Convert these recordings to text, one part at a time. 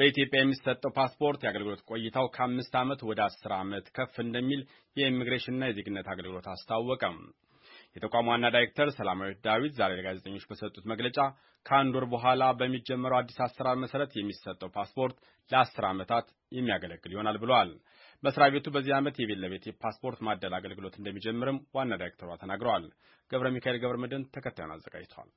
በኢትዮጵያ የሚሰጠው ፓስፖርት የአገልግሎት ቆይታው ከአምስት ዓመት ወደ አስር ዓመት ከፍ እንደሚል የኢሚግሬሽንና የዜግነት አገልግሎት አስታወቀም። የተቋሙ ዋና ዳይሬክተር ሰላማዊት ዳዊት ዛሬ ለጋዜጠኞች በሰጡት መግለጫ ከአንድ ወር በኋላ በሚጀመረው አዲስ አሰራር መሰረት የሚሰጠው ፓስፖርት ለአስር ዓመታት የሚያገለግል ይሆናል ብለዋል። መስሪያ ቤቱ በዚህ ዓመት የቤት ለቤት ፓስፖርት ማደል አገልግሎት እንደሚጀምርም ዋና ዳይሬክተሯ ተናግረዋል። ገብረ ሚካኤል ገብረ መድን ተከታዩን አዘጋጅተዋል።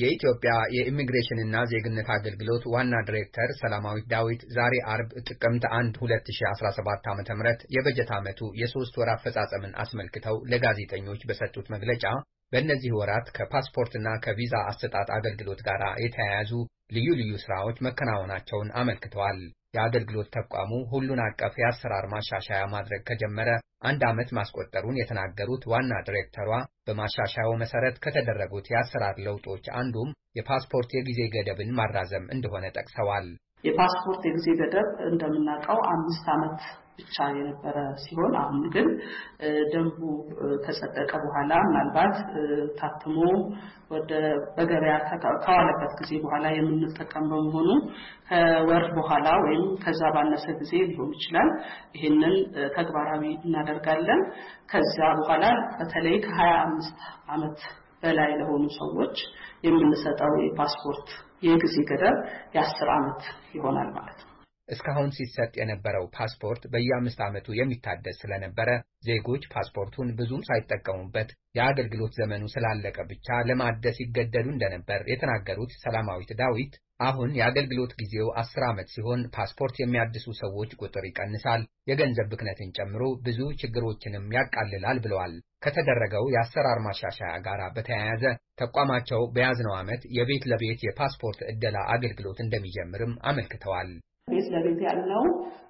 የኢትዮጵያ የኢሚግሬሽንና ዜግነት አገልግሎት ዋና ዲሬክተር ሰላማዊት ዳዊት ዛሬ አርብ ጥቅምት 1 2017 ዓ ም የበጀት ዓመቱ የሶስት ወር አፈጻጸምን አስመልክተው ለጋዜጠኞች በሰጡት መግለጫ በእነዚህ ወራት ከፓስፖርትና ከቪዛ አሰጣጥ አገልግሎት ጋር የተያያዙ ልዩ ልዩ ስራዎች መከናወናቸውን አመልክተዋል። የአገልግሎት ተቋሙ ሁሉን አቀፍ የአሰራር ማሻሻያ ማድረግ ከጀመረ አንድ ዓመት ማስቆጠሩን የተናገሩት ዋና ዲሬክተሯ በማሻሻያው መሰረት ከተደረጉት የአሰራር ለውጦች አንዱም የፓስፖርት የጊዜ ገደብን ማራዘም እንደሆነ ጠቅሰዋል። የፓስፖርት የጊዜ ገደብ እንደምናውቀው አምስት ዓመት ብቻ የነበረ ሲሆን አሁን ግን ደንቡ ከጸደቀ በኋላ ምናልባት ታትሞ ወደ በገበያ ከዋለበት ጊዜ በኋላ የምንጠቀም በመሆኑ ከወር በኋላ ወይም ከዛ ባነሰ ጊዜ ሊሆን ይችላል። ይህንን ተግባራዊ እናደርጋለን። ከዛ በኋላ በተለይ ከሀያ አምስት ዓመት በላይ ለሆኑ ሰዎች የምንሰጠው የፓስፖርት ይህ ገደብ የአስር ዓመት ይሆናል ማለት ነው። እስካሁን ሲሰጥ የነበረው ፓስፖርት በየአምስት ዓመቱ የሚታደስ ስለነበረ ዜጎች ፓስፖርቱን ብዙም ሳይጠቀሙበት የአገልግሎት ዘመኑ ስላለቀ ብቻ ለማደስ ይገደዱ እንደነበር የተናገሩት ሰላማዊት ዳዊት አሁን የአገልግሎት ጊዜው አስር ዓመት ሲሆን ፓስፖርት የሚያድሱ ሰዎች ቁጥር ይቀንሳል፣ የገንዘብ ብክነትን ጨምሮ ብዙ ችግሮችንም ያቃልላል ብለዋል። ከተደረገው የአሰራር ማሻሻያ ጋር በተያያዘ ተቋማቸው በያዝነው ዓመት የቤት ለቤት የፓስፖርት ዕደላ አገልግሎት እንደሚጀምርም አመልክተዋል። ቤት ለቤት ያለው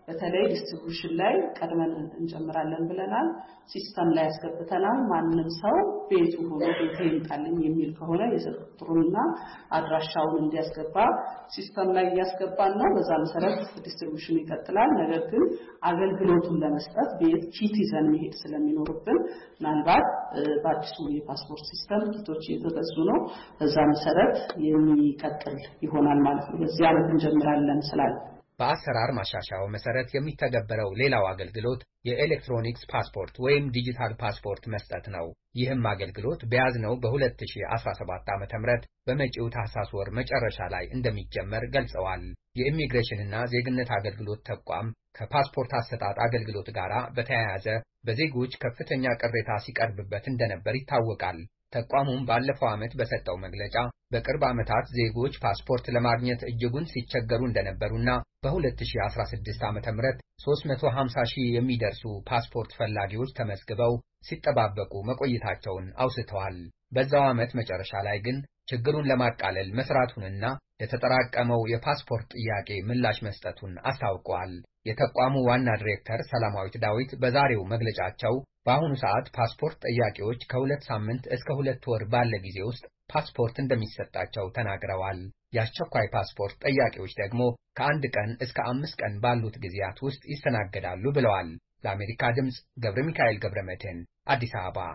በተለይ ዲስትሪቡሽን ላይ ቀድመን እንጀምራለን ብለናል። ሲስተም ላይ ያስገብተናል። ማንም ሰው ቤቱ ሆኖ ቤት ይምጣልኝ የሚል ከሆነ የስልክ ቁጥሩንና አድራሻውን እንዲያስገባ ሲስተም ላይ እያስገባን ነው። በዛ መሰረት ዲስትሪቡሽኑ ይቀጥላል። ነገር ግን አገልግሎቱን ለመስጠት ቤት ኪት ይዘን መሄድ ስለሚኖርብን ምናልባት በአዲሱ የፓስፖርት ሲስተም ኪቶች እየተገዙ ነው። በዛ መሰረት የሚቀጥል ይሆናል ማለት ነው። በዚህ ዓመት እንጀምራለን ስላለ በአሰራር ማሻሻያው መሰረት የሚተገበረው ሌላው አገልግሎት የኤሌክትሮኒክስ ፓስፖርት ወይም ዲጂታል ፓስፖርት መስጠት ነው። ይህም አገልግሎት በያዝነው በ2017 ዓ.ም በመጪው ታህሳስ ወር መጨረሻ ላይ እንደሚጀመር ገልጸዋል። የኢሚግሬሽንና ዜግነት አገልግሎት ተቋም ከፓስፖርት አሰጣጥ አገልግሎት ጋር በተያያዘ በዜጎች ከፍተኛ ቅሬታ ሲቀርብበት እንደነበር ይታወቃል። ተቋሙም ባለፈው ዓመት በሰጠው መግለጫ በቅርብ ዓመታት ዜጎች ፓስፖርት ለማግኘት እጅጉን ሲቸገሩ እንደነበሩና በ2016 ዓ ም 350 ሺህ የሚደርሱ ፓስፖርት ፈላጊዎች ተመዝግበው ሲጠባበቁ መቆየታቸውን አውስተዋል። በዛው ዓመት መጨረሻ ላይ ግን ችግሩን ለማቃለል መስራቱንና ለተጠራቀመው የፓስፖርት ጥያቄ ምላሽ መስጠቱን አስታውቋል። የተቋሙ ዋና ዲሬክተር ሰላማዊት ዳዊት በዛሬው መግለጫቸው በአሁኑ ሰዓት ፓስፖርት ጠያቂዎች ከሁለት ሳምንት እስከ ሁለት ወር ባለ ጊዜ ውስጥ ፓስፖርት እንደሚሰጣቸው ተናግረዋል። የአስቸኳይ ፓስፖርት ጠያቂዎች ደግሞ ከአንድ ቀን እስከ አምስት ቀን ባሉት ጊዜያት ውስጥ ይስተናገዳሉ ብለዋል። ለአሜሪካ ድምፅ ገብረ ሚካኤል ገብረ መድህን አዲስ አበባ